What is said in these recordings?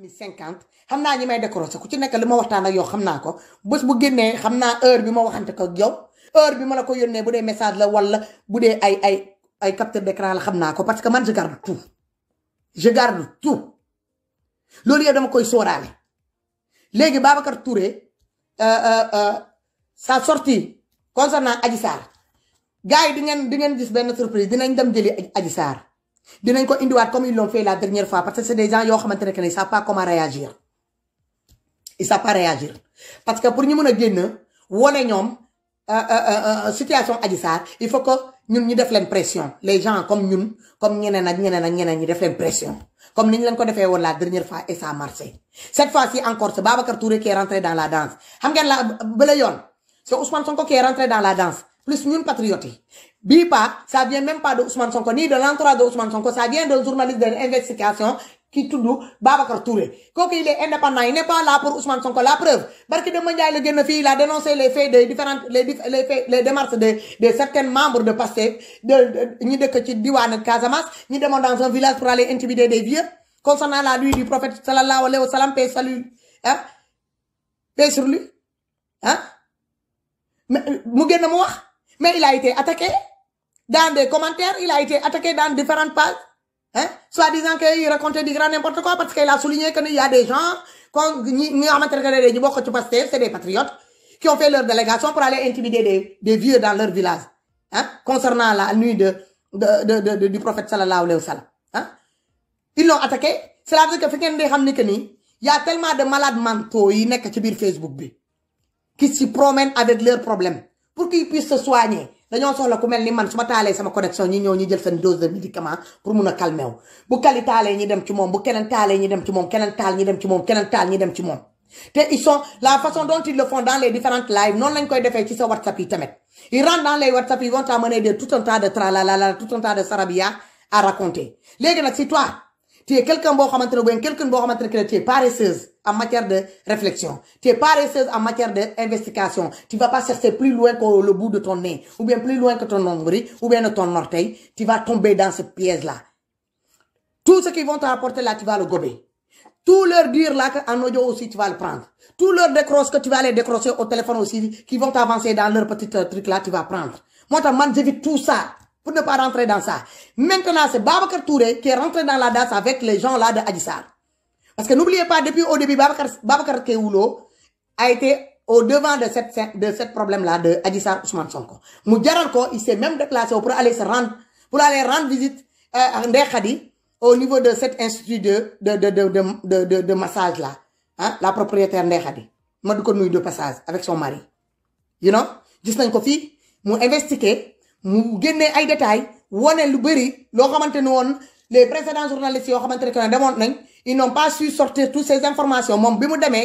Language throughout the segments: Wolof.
mi cinquante xam naa ñi may décroché ku ci nekk li ma waxtaan ak yow xam naa ko bés bu génnee xam naa heure bi ma waxante ko yow heure bi ma la ko yónnee bu dee message la wala bu dee ay ay ay capteur d'écran la xam naa ko parce que man je garde tout je garde loolu yëpp dama koy sóoraale léegi Babacar toure euh, euh, euh, sa sortie concernant Adji Sarr gars yi di ngeen di ngeen gis benn surprise dinañ dem jëli Adji Sarr dinañ ko comme ils l'ont fait la dernière fois parce que c'est des gens qui ne savent pas comment réagir ils ne savent pas réagir parce que pour ñu mën a génn wone ñoom euh, euh, euh, situation Adji il faut que nous nous def pression les gens comme nous, comme ñeneen ak ñeneen ak ñeneen pression comme nous l'avons fait la dernière fois et ça a marché cette fois-ci encore c'est Babacar Touré qui est rentré dans la danse xam la c'est Ousmane Sonko qui est rentré dans la danse plus ñun patriotes Bipa, ça vient même pas d'Ousmane Sonko, ni de l'entourage d'Ousmane Sonko, ça vient d'un journaliste d'investigation qui tout doux, Babacar Touré Quand il est indépendant il n'est pas là pour Ousmane Sonko la preuve barki de Mandiaye la le il a dénoncé les faits des différentes les les faits les démarches de de certains membres de passé, de ni de ci diwaan Casamance ni demoon dans un village pour aller intimider des vieux concernant la nuit du prophète sallallahu alayhi wa sallam paix salut hein, paix sur lui hein. Mais, euh, génn mais il a été attaqué dans des commentaires, il a été attaqué dans différentes pages. Hein? Soit disant qu'il racontait du grand n'importe quoi parce qu'il a souligné qu'il y a des gens c'est des patriotes qui ont fait leur délégation pour aller intimider des, vieux dans leur village. Hein? Concernant la nuit de, du prophète sallallahu alayhi wa sallam. Hein? Ils l'ont attaqué. Cela veut dire que il y a tellement de malades mentaux qui sont Facebook qui s'y promènent avec leurs problèmes pour qu'ils puissent se soigner dañoo soxla ku mel ni man su ma taalee sama connexion ñi ñëw ñi jël seen dose de médicament pour mun a calmer wu bu kali taalee ñi dem ci moom bu keneen taalee ñi dem ci moom keneen taal ñi dem ci moom keneen taal ñi dem ci moom te ils sont la façon dont ils le font dans les différentes lives noonu lañ koy defee ci sa whatsapp yi tamit ils rentrent dans les whatsapp ils vont t'amener de tout un tas de tralala tout un tas de sarabia à raconter léegi nag si toi tu es quelqu'un boo xamante ne bu quelqu'un boo xamante ne tu es paresseuse en matière de réflexion. Tu es pas en matière d'investigation. Tu vas pas chercher plus loin que le bout de ton nez, ou bien plus loin que ton nombril, ou bien ton orteil. Tu vas tomber dans ce piège-là. Tout ce qu'ils vont te rapporter là, tu vas le gober. Tout leur dire là en audio aussi, tu vas le prendre. Tout leur décroche que tu vas aller décrocher au téléphone aussi, qui vont t'avancer dans leur petit euh, truc là, tu vas prendre. Moi, j'évite tout ça pour ne pas rentrer dans ça. Maintenant, c'est Babacar Touré qui est rentré dans la danse avec les gens là de Adissar. Parce que n'oubliez pas, depuis au début, Babacar, Keoulo Keulo a été au devant de cette, de cette problème-là de Adissar Ousmane Sonko. il s'est même déplacé pour aller se rendre, pour aller rendre visite euh, à Ndekhadi au niveau de cet institut de, de, de, de, de, de, de massage-là. Hein, la propriétaire Ndekhadi. Khadi. a de passage avec son mari. You know? Juste un coffee, mou investigué, mou gagné des détails, wone lu bari, lo xamantene won les précédents journalistes ils n'ont pas su sortir toutes ces informations Mon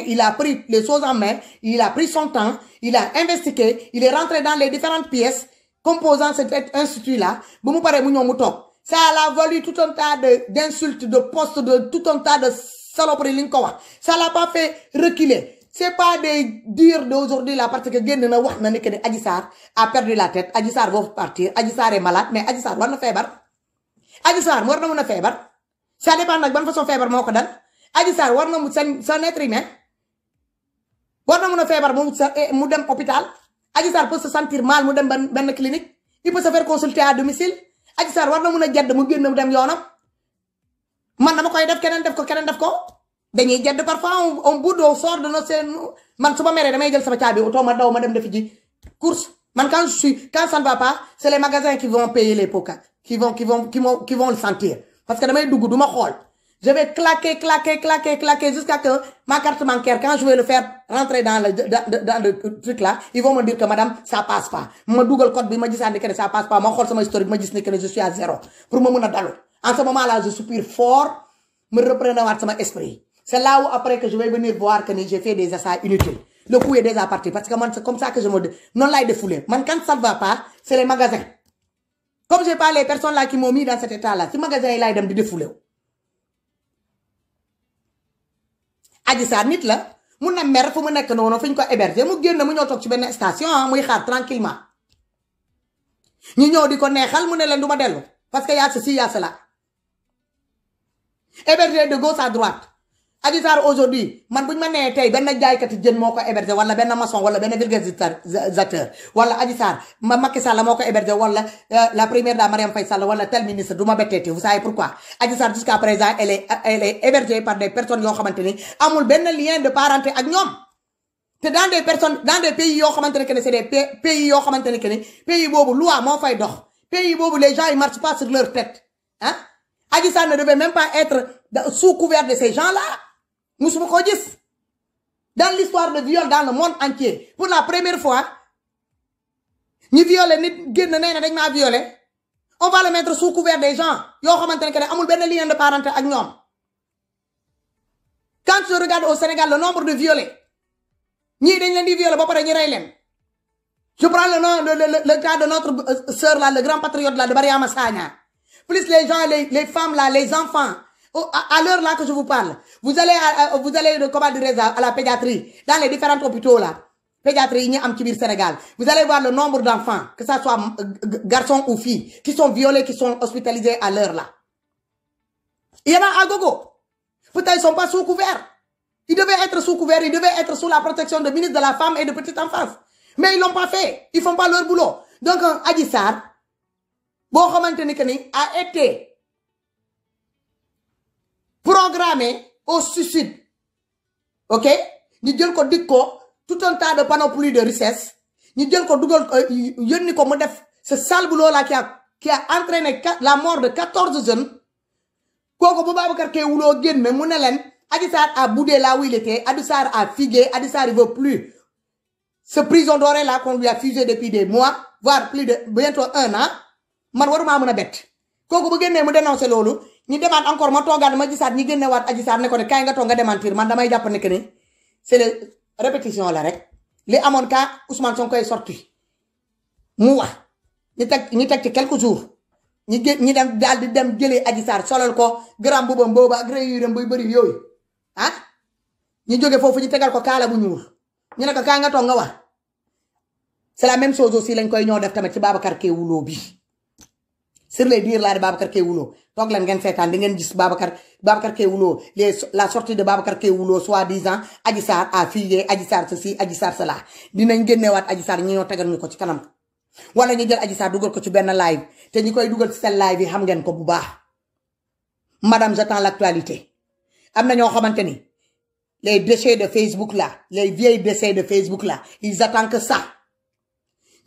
il a pris les choses en main il a pris son temps il a investigué il est rentré dans les différentes pièces composant cet institut là ça a valu tout un tas d'insultes de postes de tout un tas de saloperies Ça ne ça l'a pas fait reculer c'est pas des dires d'aujourd'hui la partie que vient na wax a perdu la tête Adji va partir Adji est malade mais Adji va nous faire. sar warna warna na feber? sa feebar ça dépend ban façon feebar moo ko dal aji sar Warna na mu sa son être humain war na mën a mu sa mu dem hôpital aji sar peut se sentir mal mu dem benn ben clinique il peut se faire consulter à domicile sar warna war na jadd mu genn mu dem man dama koy def kenen def ko kenen def ko dañuy jadd parfois on boude sort de nos man su mère damay jël sama caabi auto ma daw ma dem def ji course Maintenant, quand je suis, quand ça ne va pas, c'est les magasins qui vont payer les pokas, qui vont, qui vont, qui vont, qui vont le sentir. Parce que demain, Je vais claquer, claquer, claquer, claquer jusqu'à que ma carte bancaire, quand je vais le faire rentrer dans le, dans, le truc là, ils vont me dire que madame, ça passe pas. Mon Google code, me dit ça, ça passe pas. Mon histoire, c'est historique, me dit que je suis à zéro. Pour moi, En ce moment là, je soupire fort, me reprenant mon esprit. C'est là où après que je vais venir voir que j'ai fait des essais inutiles le coup est déjà parti. Parce que c'est comme ça que je me dis. Non, là, il est défoulé. Moi, quand ça ne va pas, c'est les magasins. Comme j'ai pas les personnes là qui m'ont mis dans cet état-là. ce magasin est là, il est défoulé. Adji nit la mun na mer que nous nekk noonu ko héberger mu génn mu ñëw toog ci benn station ah, muy xaar tranquillement ñu ñëw dit ko neexal mu ne leen du parce qu'il y a ceci il y a cela héberger de gauche à droite Adisar aujourd'hui man bu ma né tay ben jaay kat moo moko hébergé wala ben maçon wala benn vulgarisateur wala Adisar ma Macky Sall moko ko wala euh, la première dame Mariam Faye Sall wala tel ministre du ma vous savez pourquoi Adisar jusqu'à présent elle est elle est hébergée par des personnes yo xamante amul ben lien de parenté ak ñom té dans des personnes dans des pays yo xamante que c'est des pays yo xamante que pays bobu loi mo fay dox pays bobu les gens ils marchent pas sur leur tête hein Adisar ne devait même pas être sous couvert de ces gens là sommes sommes gis dans l'histoire de viol dans le monde entier pour la première fois ni violé ni génn nee na violé on va le mettre sous couvert des gens Yo xamante que ne lien de parenté ak ñoom quand tu regardes au Sénégal le nombre de violés ni dañ leen di violé ba pare je prends le nom le cas de notre euh, sœur là le grand patriote là de Mariama Sagna plus les gens les les femmes là les enfants Oh, à, l'heure là que je vous parle, vous allez, vous allez de à la pédiatrie, dans les différents hôpitaux là, pédiatrie ñi am Sénégal, vous allez voir le nombre d'enfants, que ça soit euh, garçons ou filles, qui sont violés, qui sont hospitalisés à l'heure là. Il y en a à gogo. Pourtant, ils sont pas sous couvert. Ils devaient être sous couvert, ils devaient être sous la protection de ministre de la Femme et de Petite Enfance. Mais ils l'ont pas fait. Ils font pas leur boulot. Donc, Adissar, bon, a été programmé au suicide ok Nous avons ko tout un tas de panoplies de richesse Nous avons ko que que ce sale boulot là qui a entraîné la mort de 14 jeunes Koko mu a boudé là où il était a figué Adissar veut plus ce prison doré là qu'on lui a fusé depuis des mois voire plus de bientôt un an kooku bu genné mu dénoncé lolu ñu demaat encore ma toogaat ma gisaat ñi génnewaat aji saar ne ko ne kay nga tonga démentir man damay japp ne que ne c'est la répétition la rek li amone ka Ousmane Sonko est sorti mu wax ñu tek ñu tek ci quelques jours ñu gé dem dal di dem jëlee aji saar solal ko grand boubam boba ak réyuram buy bëri yooyu ah ñu jóge foofu ñu tegal ko kala bu ñuur ñu ne ko kay nga tonga wa c'est la même chose aussi lañ koy ñoo def tamit ci Babacar Keewuloo bi sur les dires là de Babacar Keoulo toog leen ngeen seetaan di ngeen gis Babacar Babacar Keoulo les la sortie de Babacar Keoulo soi-disant Adji Sarr a filé Adji ceci Adji cela dinañ génneewaat Adji Sarr ñi ñoo tegal ñu ko ci kanam wala ñu jël Adji Sarr dugal ko ci benn live te ñi koy dugal ci seen live yi xam ngeen ko bu baax madame j'attends l'actualité Amna na ñoo xamante les déchets de Facebook là les vieilles déchets de Facebook là ils attendent que ça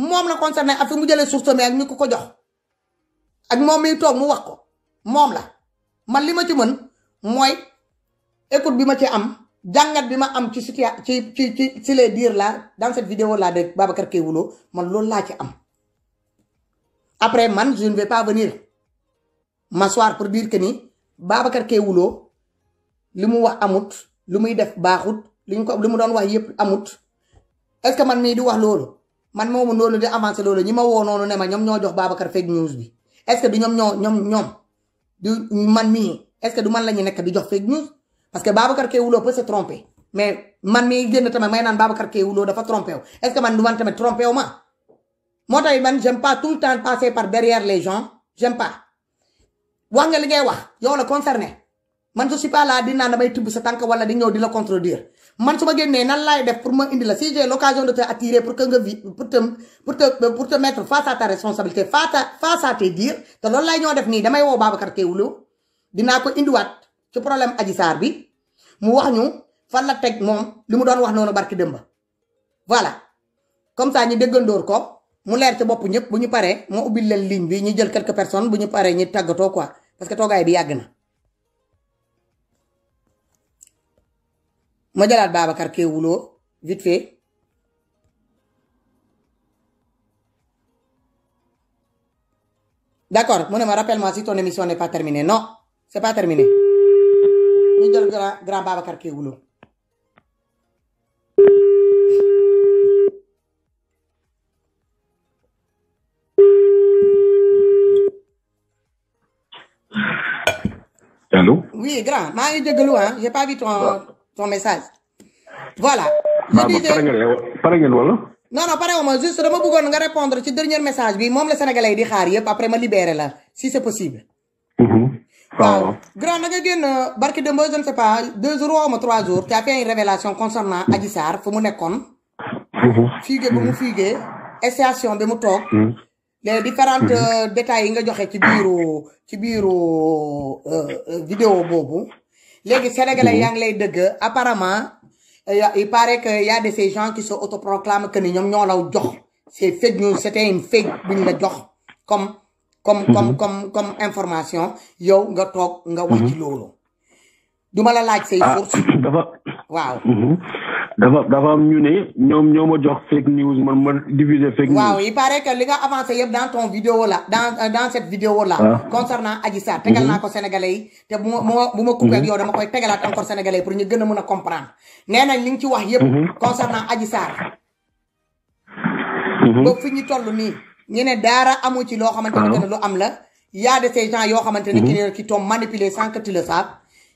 moom la concerné ak fi mu jëlee source mi ak ko ko jox ak moom miy toog mu wax ko moom la man li ma ci mën mooy écoute bi ma ci am jàngat bi ma am ci situa ci ci ci ci les dire là dans cette vidéo là de Babacar Kéwoulo man loolu laa ci am après man je ne vais pas venir m'asseoir pour dire que ni Babacar Kéwoulo li mu wax amut lu muy def baaxut li ñu ko li mu doon wax yépp amut est que man mii di wax loolu man momu nonu di avancer loolu ñima wo nonu ne ma ñom ñoo jox babakar fake news bi est-ce que du ñom ñoo ñom ñom du man mi est-ce du man la nek di jox fake news parce que ke wulo peut se tromper mais man mi genn tamé may babakar ke wulo dafa tromper wu est-ce que man du man tamé tromper wu ma Motay man j'aime pas tout le temps passer par derrière les gens j'aime pas wa nga li ngay wax yow la concerné man je suis pas là di nan damay tibb sa tank wala di di la contredire man su ma génnee nan laay def pour ma indi la si j'ai l'occasion de te attirer pour que nga vi pour te pour te pour te responsabilité face à face à te loolu lay ñoo def nii damay woo Babacar Keewulo dinaa ko indiwaat ci problème Adji Sarr bi mu wax ñu fan la teg moom li mu doon wax noonu barki dëmba voilà comme ça ñu déggandoor ko mu leer ci bopp ñëpp bu ñu paree moo ubbil leen ligne bi ñu jël quelques personnes bu ñu paree ñu tàggatoo quoi parce que toogaay bi yàgg na ma jëlaat Babacar kee wuloo vite fait d'accord Mon ne ma rappelle-moi si ton émission n'est pas terminée non c'est pas terminé ñu jël grand grand Babacar kee wuloo Allô? Oui, grand. de ngi hein. Je j'ai pas vu ton. Ah. ton message voilà. maa não, pare nga pare ngeen wala. non non pare wu juste dama bëggoon nga répondre ci dernier message bi moom le sénégalais yi di xaar yëpp après ma libéré la si c'est possible. Mhm. waaw grand nga génn barki démb je ne sais pas deux jours ou trois jours tu as fait une révélation concernant Adji Sarr fu mu nekkoon. Mhm. fugué bu mu essa station bi mu toog. Mhm. les différents euh, détails yi nga joxe vídeo bobo. Euh, euh, vidéo Les ah, sénégalais yaa lay dëgg apparemment euh, il paraît qu'il y a de ces gens qui se autoproclament que nous, ñoom la jox c'est fake news c'était une fake buñ la jox comme comme comme mhm. comme comme information Yo, nga Tok, nga wax ci mhm. loolu duma la laaj ces ah, source waaw mhm dafa am ñu ne ñoom ñoo ma jox fake news man ma diffuser fake news. waaw il paraît que li nga avancé yëpp dans ton vidéo là dans euh, dans cette vidéo là. Ah. concernant Adji Sarr. tegal naa ko mhm. sénégalais yi te bu ma bu ma coupé mhm. yow dama koy tegalaat encore sénégalais pour ñu gën a mën a comprendre nee nañ li nga ci wax yëpp. Mhm. concernant Adji Sarr. ba fi ñu toll nii ñu ne daara amu ci loo xamante ah. ne lu am la y a de ces gens yoo xamante ne. qui qui t'ont manipulé sans que tu le saches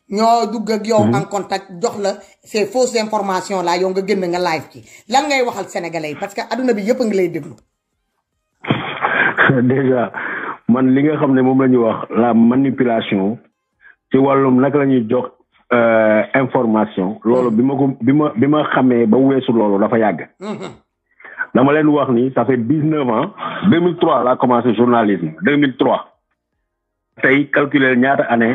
ñoo dugg ak yow mhm. en contact jox la ces fausses informations là yow nga génn nga live ci lan ngay waxal sénégalais yi parce que aduna bi yëpp a ngi lay déglu. déjà man li nga xam ne moom la ñu wax la manipulation ci wàllum naka la ñuy jox euh, information loolu bi ma ko bi ma bi ma xamee ba weesu loolu dafa yàgg. Mhm. dama leen wax ni ça fait dix neuf ans deux mille trois laa commencé journalisme deux mille trois tey calculer ñaata année.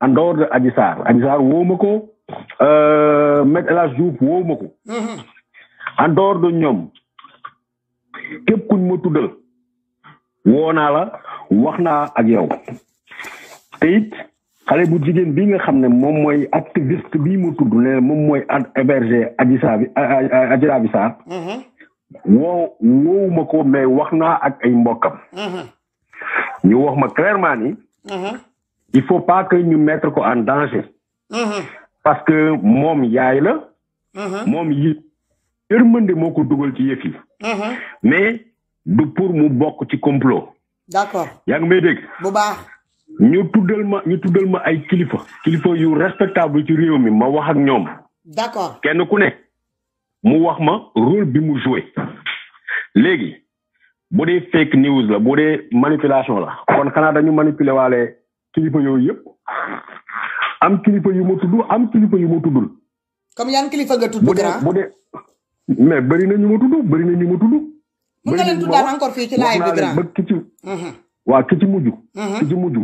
en dehors de Adji Sarr Adji Sarr woo ma ko euh, Me El Hadji Diouf woo mm-hmm. de ñoom képp kuñ ma tuddal woo naa la wax naa ak yow te xale jigéen bi nga xam ne moom mooy activiste bi mu tudd ne moom mooy héberger Adji Sarr bi Adji Raby Sarr mm-hmm. woo woowuma ko mais wax naa ak ay mbokkam mm-hmm. ñu wax ma clairement ni il faut pas que ñu mettre ko en danger. Mm-hmm. parce que moom yaay la. Mm-hmm. moom yi yërmande moo ko dugal ci yëf yi. Mm-hmm. mais du pour mu bok ci complot. d'accord yaa ngi may dégg. bu baax. ñu tuddal ma ñu tuddal ma ay kilifa. kilifa yu respectable ci réew mi ma wax ak ñoom. d'accord kenn ku nekk mu wax ma rôle bi mu joué. Légui. bu fake news la bu dee manipulation la kon Canada nous manipuler waale. kilifa yooyu yëpp am kilifa yu ma am kilifa yu ma tuddul. comme yan kilifa nga tudd. bu dee bu dee mais bëri na ñu ma tudd bëri na ñu ma tudd. mën nga leen tuddaan encore fii ci live bi grand ba ki ci. Mhm. waa ki ci mujj. Mhm. ki ci mujj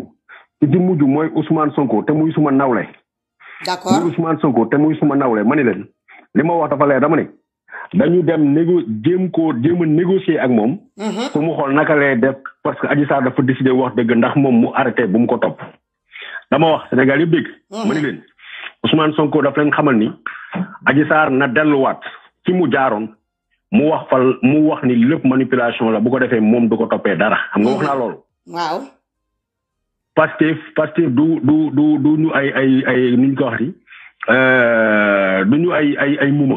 ki ci mujj mooy Ousmane Sonko te muy suma nawle. d'accord muy Ousmane Sonko te muy suma nawle ma ni leen li ma wax dafa leer dama ne. nañu dem négo jéem ko jéem a négocier ak moom. Mm-hmm. pour mu xool naka lay def parce que Adji Sarr dafa décider wax dëgg ndax moom mu arrêté bu mu ko top dama wax Sénégal yëpp dégg. Mm-hmm. ma Sonko daf leen xamal ni Adji Sarr na delluwaat ci mu jaaroon mu wax fal mu wax ni lépp manipulation la bu ko defee moom du ko toppee dara xam nga wax naa mm-hmm. loolu. waaw. Pastef Pastef du du du du ñu ay ay ay nu ñu euh, ñu ay ay ay muma.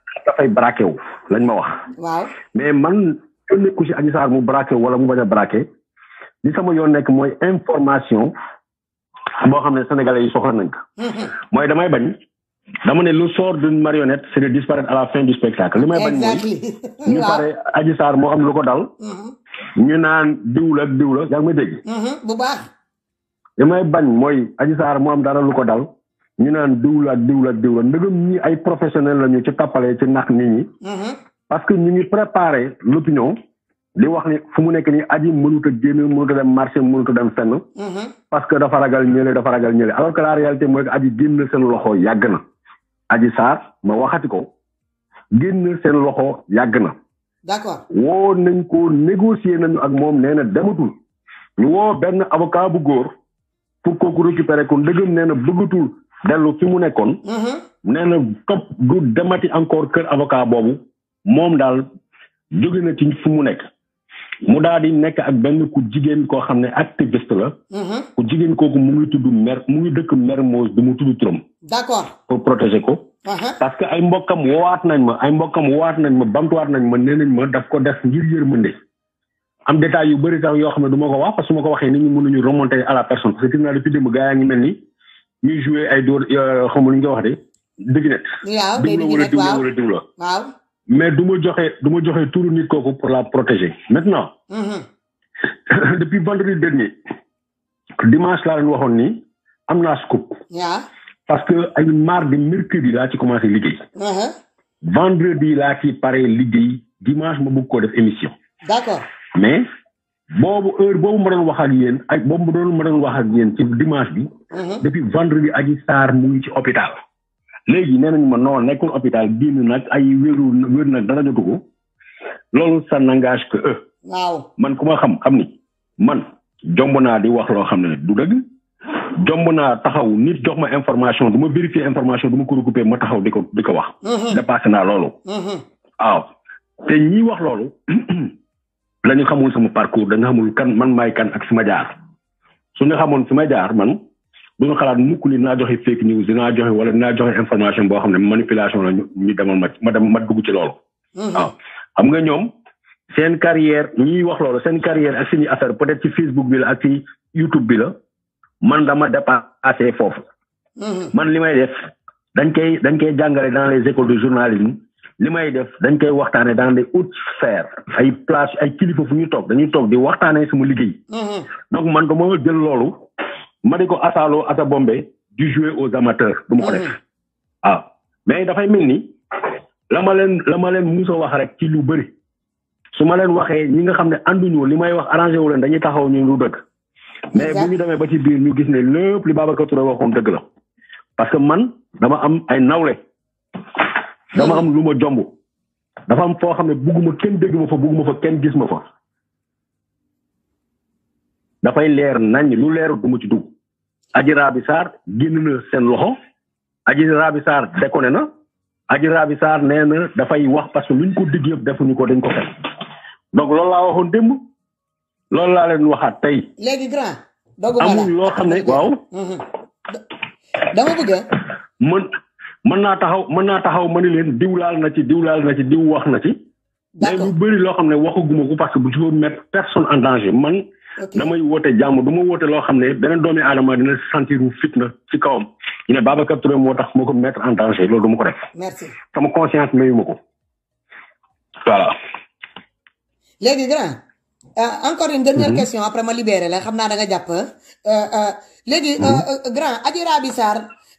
dafay braqué wu lañ ma wax. waaw mais man yoon nekku si Adji Sarr mu braqué wala mu bañ a braqué li sama yoon nekk mooy information boo xam ne sénégalais yi soxla nañ ko. Mm-hmm. mooy damay bañ. dama ne lu soor d'une marionnette c'est de disparaître à la fin du spectacle li may bañ mooy ñu pare moo am lu ko dal. Mm-hmm. ñu naan diw la diw la yaa ngi may dégg. Mm-hmm. li may bañ mooy Adji Sarr moo am dara lu ko dal. ñu naan diwla diwla diwla ndëgëm ñi ay professionnel lañu ci tappalee ci nax nit ñi. Mm-hmm. parce que ñu ngi préparé l'opinion li wax ni fu mu nekk nii aji mënut a génn mënut a dem marché mënut a dem fenn. Mm-hmm. parce que dafa ragal ñële dafa ragal ñële alors que la réalité mooy que aji génn seen loxo yàgg na. aji saar ma waxati ko génn seen loxo yàgg na. d'accord woo nañ ko négocier nañu ak moom nee na dematul. ñu woo benn avocat bu góor pour kooku récupérer ko ndëgëm nee na bëggatul dellu fi mu nekkoon mhm. nee na topp du demati encore kër avocat boobu moom daal jóge na ci fu mu nekk mu daal di nekk ak benn ku jigéen koo xam ne activiste la mhm. ku jigéen kooku mu ngi tudd mer mu ngi dëkk Mermoz du mu tudd turam d'accord pour protéger ko mhm. parce que ay mbokkam waat nañ ma ay mbokkam waat nañ ma bamtuwaat nañ ma nee nañ ma daf ko def ngir yërmande am détail yu bëri tax yoo xam ne du ma ko wax parce que su ma ko waxee nit ñi mënuñu remonter à la personne parce que gis naa depuis démb gaa yaa ngi mel ni ñuy joué ay dóor euh, xamul nga wax de dëgg net. waaw day dëgg net waaw waaw mais du ma joxe du ma joxe nit pour la protéger maintenant. Mm-hmm. depuis vendredi dernier dimanche la leen waxoon ni am Parce scoop. parce que ay mardi mercredi qui ci commencé liggéey. Mm-hmm. vendredi là, qui paraît liggéey dimanche ma bëgg ko def émission. d'accord mais. boobu heure boobu ma doon wax ak yéen ak boobu ma doon ma doon wax ak yéen ci dimanche bi. Mm-hmm. depuis vendredi Adji Sarr mu ngi ci hôpital. léegi nee nañu ma non nekkul hôpital génn nag ay wéru wéru nag dara jotu ko loolu ça n'engage que eux. waaw man ku ma xam xam ni man jomb naa di wax loo xam ne du dëgg. jomb naa taxaw nit jox ma information du ma vérifier information du ma ko recoupé ma taxaw di ko di ko wax. Mm-hmm. dépassé naa loolu. Mm-hmm. waaw te ñi wax loolu. lañu xamul sama parcours dañu xamul kan man may kan ak sama jaar su ñu xamoon sama jaar man bu duñu xalaat mukk ni naa joxe fake news dinaa joxe wala dinaa joxe information boo xam ne manipulation la ñu demal ma ma dem ma dugg ci loolu mhm. waaw xam nga ñoom seen carrière ñiy wax loolu seen carrière ak suñu affaire peut être ci facebook bi la ak ci youtube bi la man dama dépassé foofu mhm. man li may def dañ koy dañ koy jàngale dans les écoles de journalisme li may def dañ koy waxtaanee dans les hautes sphères ay place ay kilifa fu ñu toog dañuy toog di waxtaanee suma liggéey. Mhm. donc man dama jël loolu ma di ko asaaloo asa bombe di jouer aux amateurs du ma ko def. waaw mhm. ah. mais dafay mel ni la ma leen la ma leen musa wax rek ci lu bëri su ma leen waxee ñi nga xam ne ànduñu li may wax arrangé wu leen dañuy taxaw ñu lu dëgg. mais bu ñu demee ba ci biir ñu gis ne lépp li Babacar Touré waxoon dëgg la parce que man dama am ay nawle. dama am lu ma jomb dafa am foo xam ne bugguma kenn dégg fa bugguma fa kenn gis ma fa dafay leer nañ lu leeru du ci dugg Adji Raby Sarr génn na seen loxo Adji Raby Sarr déconné na Adji Raby Sarr nee na dafay wax parce que luñ ko digg yëpp defuñu ko dañ ko fay donc loolu laa waxoon démb loolu laa leen waxaat tey. léegi grand. dogu amul loo xam ne waaw. dama bëgg mën. man na taxaw man na taxaw ma ni leen diw laal na ci diw laal na ci diw wax na ci. mais lu bari lo xam ne waxaguma ko parce que bu ñu mettre personne en danger man. damay woote jamm duma ma lo loo benen ne beneen doomi aadama dina sentir fitna ci kawam. ñu ne Babacar Touré moo tax mettre en danger loolu du ko def. merci sama conscience mayu ma ko voilà. léegi grand. Euh, encore une dernière mhm. question après ma libéré la xamna da nga japp euh jàpp euh, léegi euh, mhm. grand Adji Raby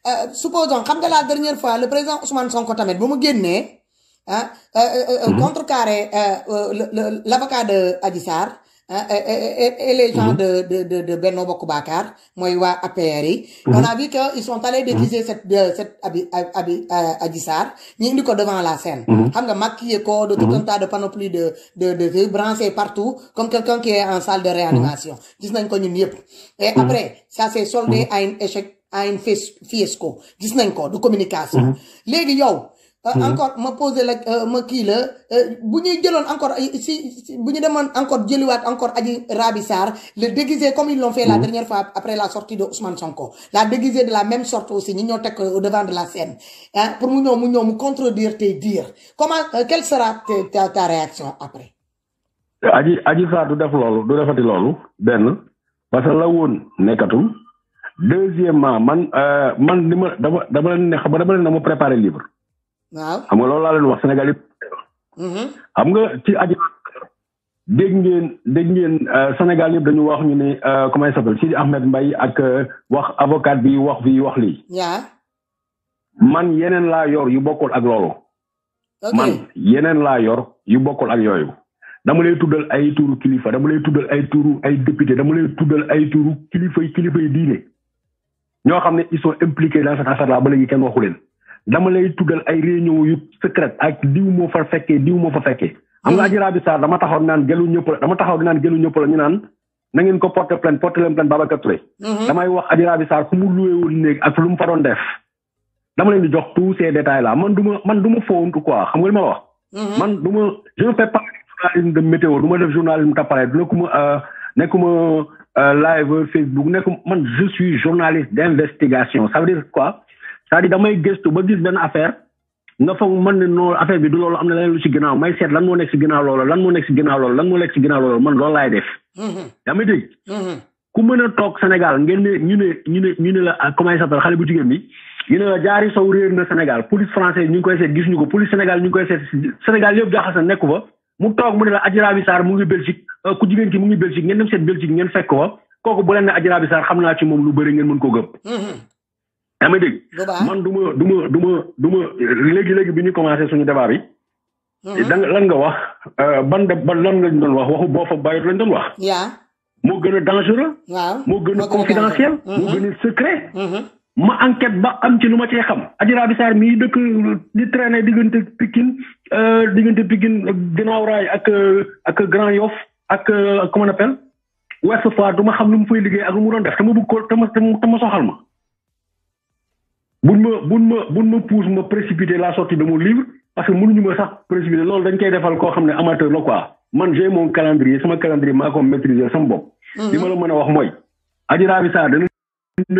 euh, supposons comme de la dernière fois le président Ousmane Sonko tamit Vous mu génnee ah. Euh, euh, mhm. contrecarré euh, l'avocat de Adji hein, et les gens mhm. de de de de Benno mhm. on a vu qu'ils sont allés déguiser cette cette abi abi Adji Sarr sont devant la scène. xam nga maquillé ko de tout un tas de panoplies de de de branché partout comme quelqu'un qui est en salle de réanimation. gis nañ et après ça s'est soldé à un échec à une fiasco dis nañ de du communication. Mhm. léegi yow. Euh, mhm. encore ma posé la euh, ma kii la euh, bu encore si bu demande demoon encore jëliwaat encore Adji rabissar, le déguiser comme ils l'ont fait la mhm. dernière fois après la sortie de Ousmane Sanko. la déguiser de la même sorte aussi ñi ñoo au devant de la scène Hein, pour mu ñëw mu contredire tes dire comment quelle sera ta ta réaction après. Adi, Adji Adji Sarr du def loolu du defati loolu Ben. parce que la woon nekkatul. deuxièmement man euh, man ni dama dama leen ne xam dama leen ne ma préparer livre. waaw xam nga loolu laa leen wax Sénégal yëpp. Mm-hmm. xam nga ci aji dégg ngeen dégg ngeen euh, Sénégal yëpp dañu wax ñu ne euh, comment il s'appelle Sidi Ahmed Mbaye ak euh, wax avocat bi wax bi wax lii. yaa. man yeneen laa yor yu bokkul ak loolu. man yeneen laa yor yu bokkul ak yooyu. dama lay tuddal ay turu kilifa dama lay tuddal ay turu ay député dama lay tuddal ay turu kilifa yi kilifa yi diine. ñoo xam ne ils sont impliqués dans cette affaire ba léegi kenn waxu leen dama lay tuddal ay réunion yu secrète ak diw moo fa fekkee diw moo fa fekkee. am nga mm. Adji Raby dama taxaw naan gelu ñëpp dama taxaw naan gelu ñëpp la ñu naan na ngeen ko porter plainte porter leen plainte Babacar Touré. Mm-hmm. damay wax Adji Raby Sarr fu mu loué woon néeg ak lu mu fa doon def. dama leen di jox tous ces détails là man du ma man du ma fowuntu quoi xam nga li ma la wax. Mm-hmm. man du ma je ne fais pas journalisme de météo du ma def Euh, live Facebook nek, man je suis journaliste d'investigation ça veut dire quoi Ça veut dire damay gëstu ba gis benn affaire nga foog mën ne noonu affaire bi du loolu am na leneen lu ci ginnaaw may seet lan moo nekk ci ginnaaw loolu lan moo nekk ci ginnaaw loolu lan moo nekk ci ginnaaw loolu man loolu laay def. Mm-hmm. yaa ngi dégg. Mm-hmm. ku mën a toog Sénégal ngeen ne ñu ne ñu ne ñu ne la ah, comment il s'appelle xale bu jigéen bi ñu ne la jaari saw réer na Sénégal police français ñu ngi koy seet gisuñu ko police Sénégal ñu ngi koy seet Sénégal yëpp jaaxal sa nekku fa mu toog mu ne la Adji Raby Sarr mu ngi Belgique Euh, ku jigen ki mu ngi Belgique ngeen dem seen Belgique ngeen fekk ko koku bu len na Adji bi sar xamna ci mom lu beure ngeen mën ko gëm. hmm may deg man duma duma duma duma legui legui biñu commencé suñu débat bi. Mm-hmm. da lan nga wax euh, ban de ban lan nga doon wax waxu bofa fa lañ doon wax. ya mo gëna dangereux. waaw mo gëna confidentiel. mo mm-hmm. gëna secret. Mm-hmm. ma enquête ba am ci luma ma xam. Adji bi sar mi dëkk di traîner digënté Pikine euh, digënté Pikine ginaaw raay ak ak Grand Yoff ak euh, comment on appelle west fa duma xam lu mu fay liggéey ak lu mu doon def dama bu ko dama dama soxal ma buñ ma buñ ma buñ ma pousse ma précipiter la sortie de mon livre parce que mënuñu ma sax précipiter loolu dañ koy defal koo xam ne amateur la quoi man j'ai mon calendrier sama calendrier maa ko maîtriser sama bopp mhm. li ma la mën a wax mooy aji rabi saar dañu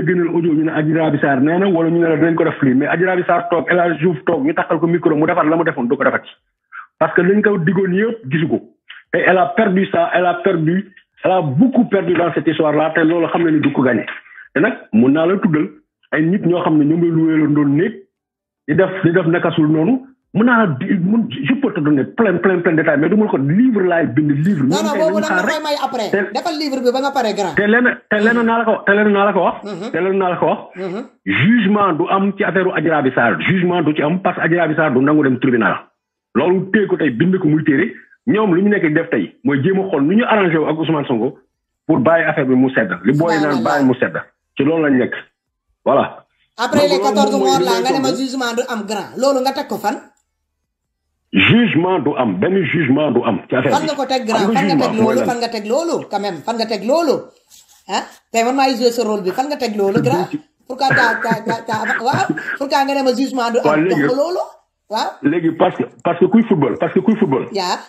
la gënal audio ñu ne aji rabi saar nee na wala ñu ne la dinañ ko def lii mais aji rabi saar toog elage jouf toog ñu takkal ko micro mu defar la mu defoon du ko defat parce que liñ ko digoon yëpp gisu ko Et elle a perdu ça, elle a perdu, elle a beaucoup perdu dans cette histoire-là, te loolu xam nañu du ko gagné. te nag mun naa la tuddal ay nit ñoo xam ne ñoom la loué la doon néeg di def di def nakasul nonu mun naa mun je peux te donner plein plein plein détail mais du ko livre laay bind livre. non non bobu nag koy may après. defal livre bi ba nga paré grand. té lenn te lenn naa la ko té lenn naa la ko wax. Mhm. te lenn la ko mhm. jugement du am ci affaireu Adji Raby Sarr jugement du ci am parce que Adji Raby du nangu dem tribunal loolu téye tay bind ko muy téere ñoom lu ñu nekk def tey mooy jéem a xool nu ñu arrangé ak Ousmane Sonko pour bàyyi affaire bi mu sedd li booy naan bàyyi mu sedd ci loolu lañ nekk voilà. après les quatorze morts là nga ne ma jugement du am grand loolu nga teg ko fan. jugement du am benn jugement du am. fan nga ko teg grand fan nga teg loolu fan nga teg loolu quand même fan nga teg loolu. ah tey man maay jouer ce rôle bi fan nga teg loolu grand pourquoi taa taa taa waaw pourquoi nga ne ma jugement du am. waaw léegi waaw. léegi parce que parce que kuy football parce que kuy football. yaa.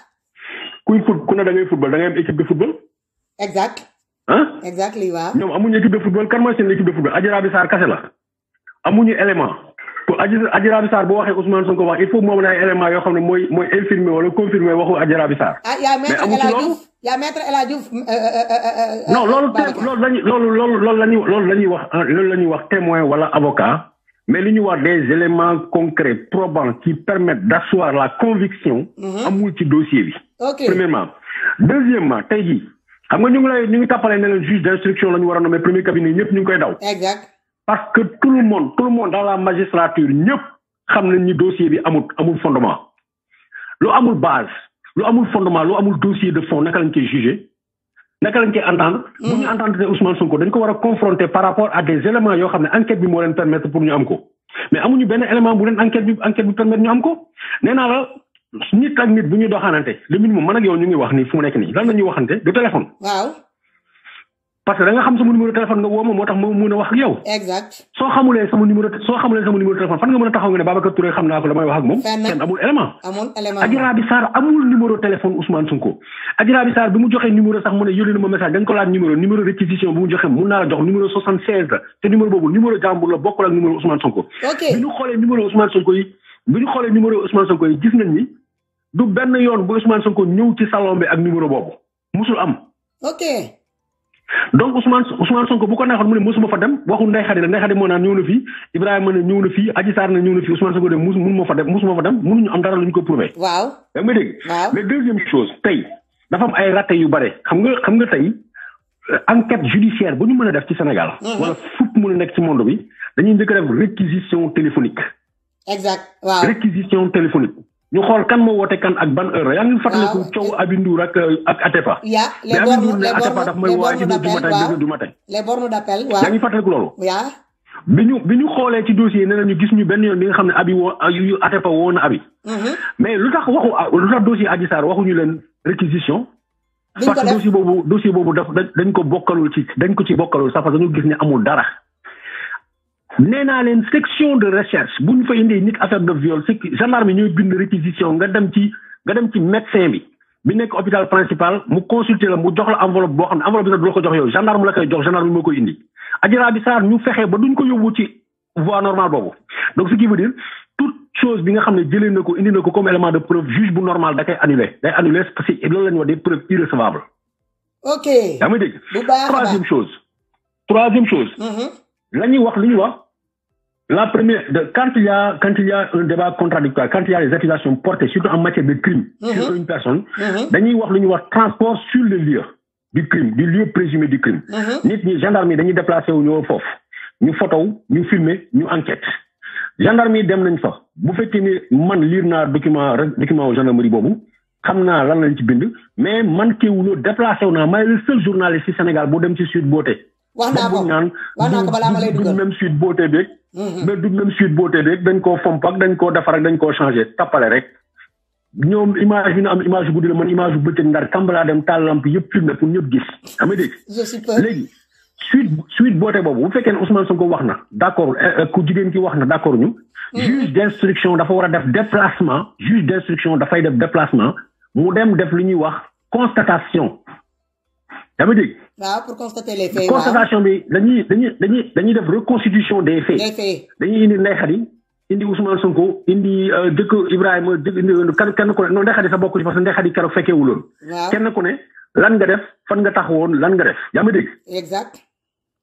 kuy fut ku ne da ngay football da ngay am équipe de football. exact. ah. exactly waaw. ñoom amuñu équipe de football kan mooy seen équipe de football Adji Raby Sarr kase la amuñu élément pour Adji Adji Raby Sarr boo waxee Ousmane Sonko wax il faut moom la ay élément yoo xam ne mooy mooy infirmer wala confirmer waxu Adji Raby Sarr. ah yaa maître El Hadj Diouf yaa maître El non loolu loolu la loolu loolu loolu la ñuy la ñuy wax loolu la ñuy wax témoin wala avocat. mais il y a des éléments concrets probants qui permettent d'asseoir la conviction. à ci dossier premièrement. deuxièmement t'as dit, xam nga ñu juge d'instruction la ñu nommé le premier cabinet nous ñu ngi exact. parce que tout le monde tout le monde dans la magistrature nous xam nañ ni dossier bi amul amul fondement lu amul base lu amul fondement a amul dossier de fond qui sont jugés. jugé. naka lañ koy entendre. bu mm. ñu entendre Ousmane Sonko dañ ko war a confronter par rapport à des éléments yoo xam ne enquête bi moo leen permettre pour ñu am ko mais amuñu benn élément bu leen enquête bi enquête bi permettre ñu am ko nee naa la nit nit bu ñuy doxaanante le minimum man ak yow ñu ngi wax nii fu mu nekk nii lan la ñuy waxante du téléphone. waaw. parce que da nga xam sama numéro téléphone nga woo ma moo tax ma mun a wax ak yow. exact soo xamulee sama numéro téléphone fan nga mën a taxaw nga ne Babacar Touré xam naa ko damay wax ak moom. amul élément. amul élément Adji Raby amul numéro téléphone Ousmane Sonko. Adji Raby Sarr bi ak numéro benn yoon bu Ousmane Sonko ñëw ak numéro boobu musul am ok donc Ousmane Ousmane Sonko bu ko neexoon mu ne mosuma fa dem waxul Ndeye Khady la Ndeye Khady moo naan ñëw na fii Ibrahima ne ñëw na fii Adji Sarr ne ñëw na fii Ousmane Sonko dem mosuma fa dem mosuma fa dem am dara lu ñu ko prouvé. waaw da nga waaw mais deuxième chose tey dafa am ay raté yu bare xam nga xam nga tey euh, enquête judiciaire bu ñu mën a def ci Sénégal. Mhm. wala mu mën a nekk ci monde bi dañuy njëkk a def réquisition téléphonique. exact waaw réquisition ñu xool kan moo woote kan ak ban heure yaa ngi fàttaliku coow Aby Ndour ak euh, ak Atepa. yaa les bornes les bornes du matin les bornes d'appel yaa ngi fàttaliku loolu. bi ñu bi ñu xoolee ci dossier nee na ñu gis ñu benn yoon bi nga xam ne Aby woo Atepa woo na mm-hmm. mais lu tax waxu ah, lu tax dossier Adji Sarr waxuñu leen réquisition. parce que dossier boobu dossier boobu daf dañ ko bokkalul ci dañ ko ci bokkalul sax parce dañu gis ne amul dara. nee naa leen section de recherche bu ñu fa indee nit affaire de viol c'est gendarme ñooy bind réquisition nga dem ci nga dem ci médecin bi bi nekk hôpital principal mu consulter la mu jox la enveloppe boo xam ne enveloppe bi sax du la ko jox yow gendarme la koy jox gendarme bi moo koy indi. Adji Raby Sarr ñu fexe ba duñ ko yóbbu ci voie normale boobu donc ce qui veut dire toute chose bi nga xam ne jëlee na ko indi na ko comme élément de preuve juge bu normal da koy annuler day annuler parce que loolu la ñuy wax des preuves irrécevables. ok yaa ngi dégg. troisième chose. troisième chose. Mm-hmm. la ñuy wax li ñuy wax. La première, de, quand, il y a, quand il y a un débat contradictoire, quand il y a des accusations portées, surtout en matière de crime, mhm. sur une personne, mhm. dañuy wax lu ñuy wax transport sur le lieu du crime, du lieu présumé du crime. Mhm. nit ñi gendarme yi dañuy déplacé wu ñëw foofu ñu photo ñu filmer ñu enquête. Gendarmerie dem nañ fa bu fekkee ni man lire naa document document au gendarmerie bobu xamna lan lañ ci bind mais man se déplacent. wu naa may le seul journaliste au Sénégal bu dem ci Sud Beauté. wax ko seul ko Sénégal ma lay dugal même Sud Beauté Mhm. mais duñ leen suite boo tee dañ koo fomp ak dañ koo defar ak dañ koo changé tappale rek. ñoom image bi na am image bu bëccëg ndar tàmbalaa dem taal lamp yëpp filmé pour ñëpp gis. xam nga dégg léegi suite suite boote boobu bu fekkee ne Ousmane Sonko wax na d' accord eh, eh, ku jigéen ki wax na d' accord ñu. Mhm. juge d' dafa war a def déplacement juge d' instruction dafay def déplacement mu dem def lu ñuy wax constatation. xam dégg pour constater les faits reconstitution des faits. des faits indi Sonko indi euh, kan euh, parce exact.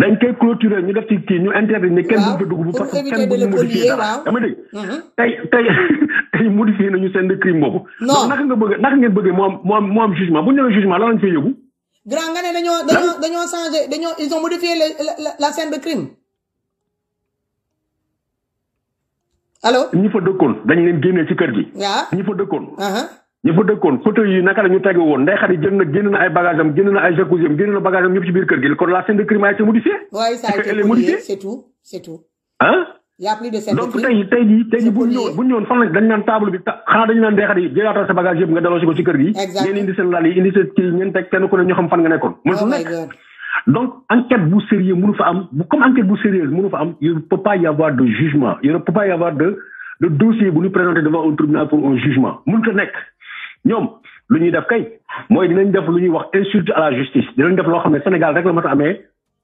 dañ koy clôturer ñu def ci kii ñu interdit ne kenn du dugg bu fa kenn du modifié dara dama dégg mm-hmm. tey tey tey modifié nañu seen crime boobu nak nga bëgg nak ngeen bëgg moom moom moom jugement bu ñu jugement la lañ fay yóbbu grand nga né dañoo dañoo dañoo changé dañoo ils ont modifié la la scène de crime allô ñi fa dëkkoon dañ leen génnee ci kër gi ñi fa dëkkoon uh-huh. ñi fa dëkkoon fauteuil yi naka la ñu tege woon ndey xar yi jënd na génn na ay bagage am génn na ay jacuzzi am génn na bagage am ñëpp ci biir kër gi kon la scène de crime a été modifiée. waaye a été de scène de crime donc tey tey jii tey jii bu ñu bu ñu xam fan nga nekkoon. waaw waay waay donc enquête bu sérieux mënu fa am bu comme enquête bu sérieuse mënu fa am il pas y de jugement il pas y de dossier bu ñu présenté devant un tribunal pour un jugement mënut a nekk ñom luñu def kay moy dinañ def luñu wax insulte à la justice dinañ def lo xamné Sénégal rek la mat amé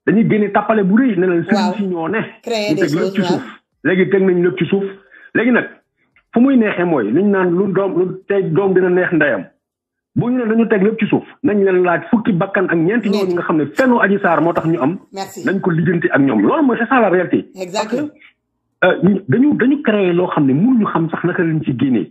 dañuy génne tapalé bu rëy né leen sëriñ si ñoo né ñu teg lépp ci suuf léegi teg nañ lépp ci suuf légui nak fu muy nexé moy luñ naan lu doom lu tay doom dina neex ndayam bu ñu ne dañu teg lepp ci suuf nañ leen laaj fukki bakkan ak ñent ñoo nga xamné ne fennu aji saar moo tax ñu am nañ ko lijjanti ak ñom lool moy c'est ça la réalité exactement euh, dañu dañu créer lo xamné ne mënuñu xam sax naka lañ ci génnee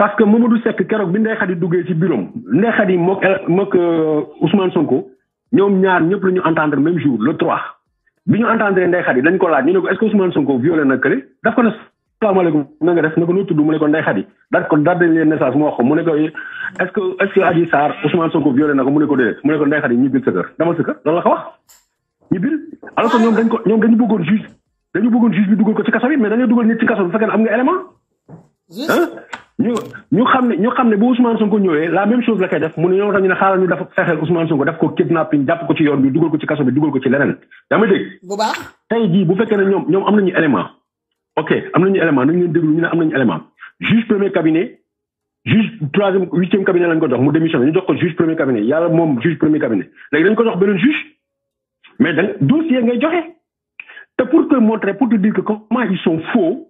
parce que Mamadou Seck kérok bi Ndeye Khady duggee ci birom Ndeye Khady mok mook euh, Ousmane Sonko ñom ñaar ñep lañu entendre même jour le 3 biñu entendre Ndeye Khady dañ ko laaj ñu ko est ce que Ousmane Sonko violé na kéré daf ko na ne alaykum na nga def na ko no tuddu mu ne ko Ndeye Khady daal ko daal dañ leen message mo xam mu ne ko est ce que est ce que Adji Sar Ousmane Sonko violé na ko mu ne ko déedéet mu ne ko Ndeye ñi ñibbil sa kër dama sa kër loolu la ko wax ñi ñibbil alors que ñom dañ ko ñom dañu bëggoon juge dañu bëggoon juge bi duggal ko ci kasso bi mais dañu duggal nit ci kasso bi fekkee am nga élément ñu ñu nous bu Ousmane Sonko la même chose la Ousmane Sonko daf ko kidnapping japp ko ci yoon bi nous, ko ci kasso bi nous. ko ci dégg. bu baax bu élément ok élément élément juge premier cabinet juge huitième cabinet juge premier cabinet juge premier cabinet dañ ko juge mais dossier pour te montrer pour te dire que comment ils sont faux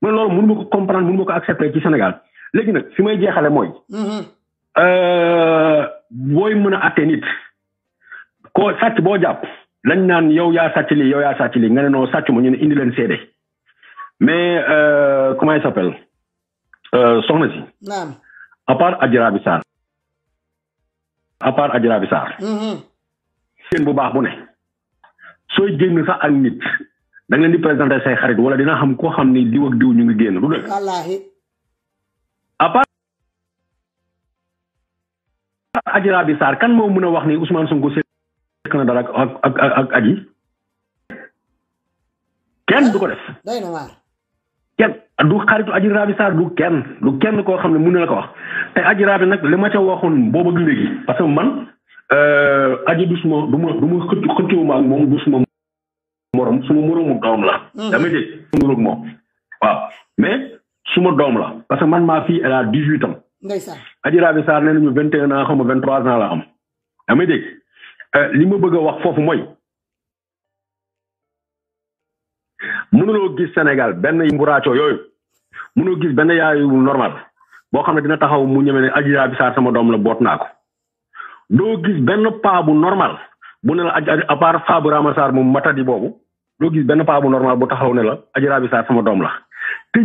man loolu mënu ma ko comprendre mënu ma ko accepter Sénégal léegi nag fi may jeexale mooy. Mm-hmm. Euh, booy mën a atte nit. koo sàcc boo jàpp lañ naan yow yaa sàcc lii yow yaa sàcc li nga ne noo sàcc ma ñu ne indi leen seede mais euh, comment il s'appelle euh, soxna si. naam à part Adji Raby à part Adji Raby Sarr. Mm-hmm. jigéen bu baax bu ne. sooy génn sax ak nit dengan leen di présenter say xarit wala dina xam ko xamni ni diw ak diw ñu ngi genn lu aji kan mo mën wax ni ousmane sonko sekk na dara ak ak ak aji kenn du ko def na kenn du xaritu aji rabi sar du kenn du kenn koo xam ne la ko wax tay aji rabi nak lima ca waxon bobu gi parce que man euh aji dusmo duma duma xëccu xëccu ma ak mom borom suma moromu doom la hmm. dama dégg nurug moom waaw mais suma doom la parce que man ma fi elle a 18 ans aji rabi sar nañu 21 ans 23 ans la am dama dégg euh, li ma bëgg a wax foofu mooy mënuloo gis sénégal ben mburaacoo yoy mënu gis benn yaayu normal bo xam dina taxaw mu ñëmé né aji rabi sar sama dom la bot nako do gis ben pa bu normal bu ne la à part faabu ramassar mu matadi bobu doo gis benn paa bu normal bu taxaw ne la Adji Raby Sarr sama doom la. te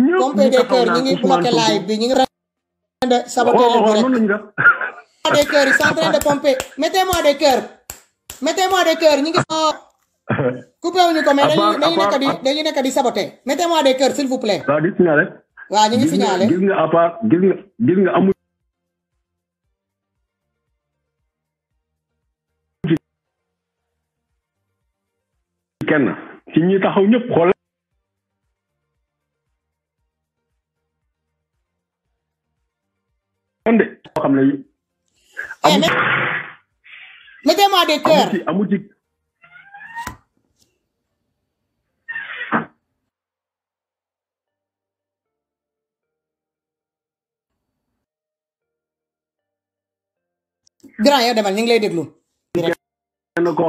ñëpp ñu live oh, oh, oh, mettez-moi des cœurs mettez-moi des cœurs ñu ngi. coupé wuñu ko mettez-moi des cœurs s'il vous plaît. kenn à? như ta taxaw ñëpp xool de boo xam ne amu mettez-moi des cœurs amu ci grand yow demal ñu ngi lay déglu kenn koo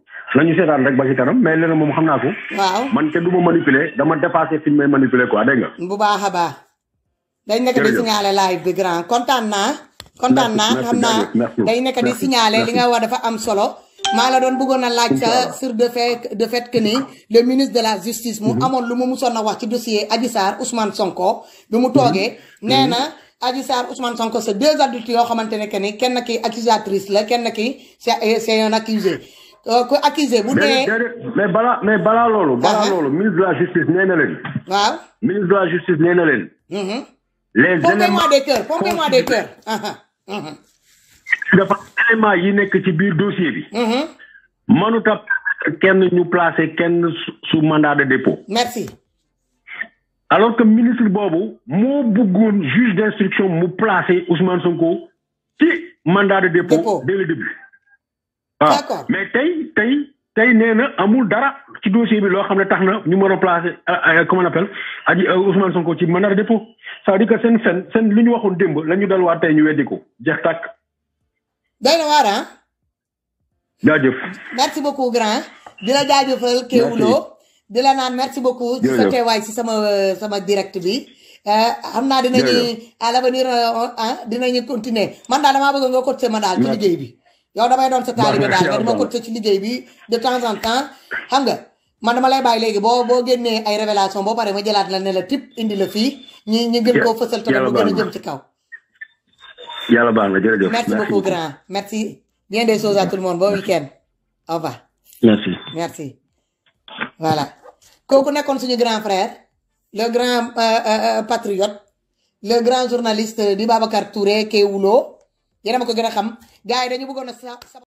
lañu sétane rek ba ci kanam mais leneen moom xam naa ko. waaw man te duma manipuler dama dépassé fi may manipuler quoi dégg nga. bu baax a baax. dañ nekk di signaler live bi grand kontaan naa. kontaan naa xam naa day nekk di signaler li nga wax dafa am solo. maa la doon bëggoon a laaj sa sur de fait de fait que ni le ministre de la justice mu mhm. amoon lu mu musoon a wax ci dossier Adji Sarr Ousmane Sonko bi mu toogee mhm. nee mhm. na. Adji Sarr Ousmane Sonko c'est deux adultes yoo xamante ne que ni kenn ki accusatrice la kenn ki c'est c'est un accusé ko euh, accusé mais mais uh-huh. ministre de la justice ministre de la justice mm-hmm. moi des cœurs pompez-moi des cœurs. Uh-huh. Mm-hmm. yi ci biir dossier bi. Mm-hmm. ñu sous mandat de dépôt. merci. alors que ministre bobu mo juge d'instruction mu placer Ousmane Sonko ci mandat de dépôt. dès le début. Ah, d'accord mais tey tey tey nee na amul dara ci doo dossier bi loo xam ne tax na ñu mën a placer euh, euh, comment on appelle aji euh, Ousmane Sonko ci mandat de dépôt c'est-à-dire que seen seen lu ñu waxoon démb la ñu dalwaat tey ñu weddi ko jeex tàkk. doy na waar ah. jaajëf. merci beaucoup grand. di la jaajëfal Kéwoulo. naan merci beaucoup. ci sa teewaay si sama sama direct bi. xam naa dinañu a l'avenir ah, dinañu continuer man daal damaa bëgg nga continuer ma daal ci liggéey bi. yow damay doon sa taalibe daal nga dama ko ci liggéey bi de temps en temps nga man dama lay bàyyi léegi boo boo génnee ay révélation boo paree ma jëlaat la ne la tip indi la fii ñi ñi gën koo fësal tamit mu gën a jëm ci kaw yàlla baax na jërëjëf merci beaucoup grand merci bien des sos a tout le monde bon week-end au merci merci voilà kooku nekkoon suñu grand frère le grand euh, euh, euh, patriote le grand journaliste di Babacar Touré Kewulo yéen a ma ko gën a xam gars yi dañu bëggoon a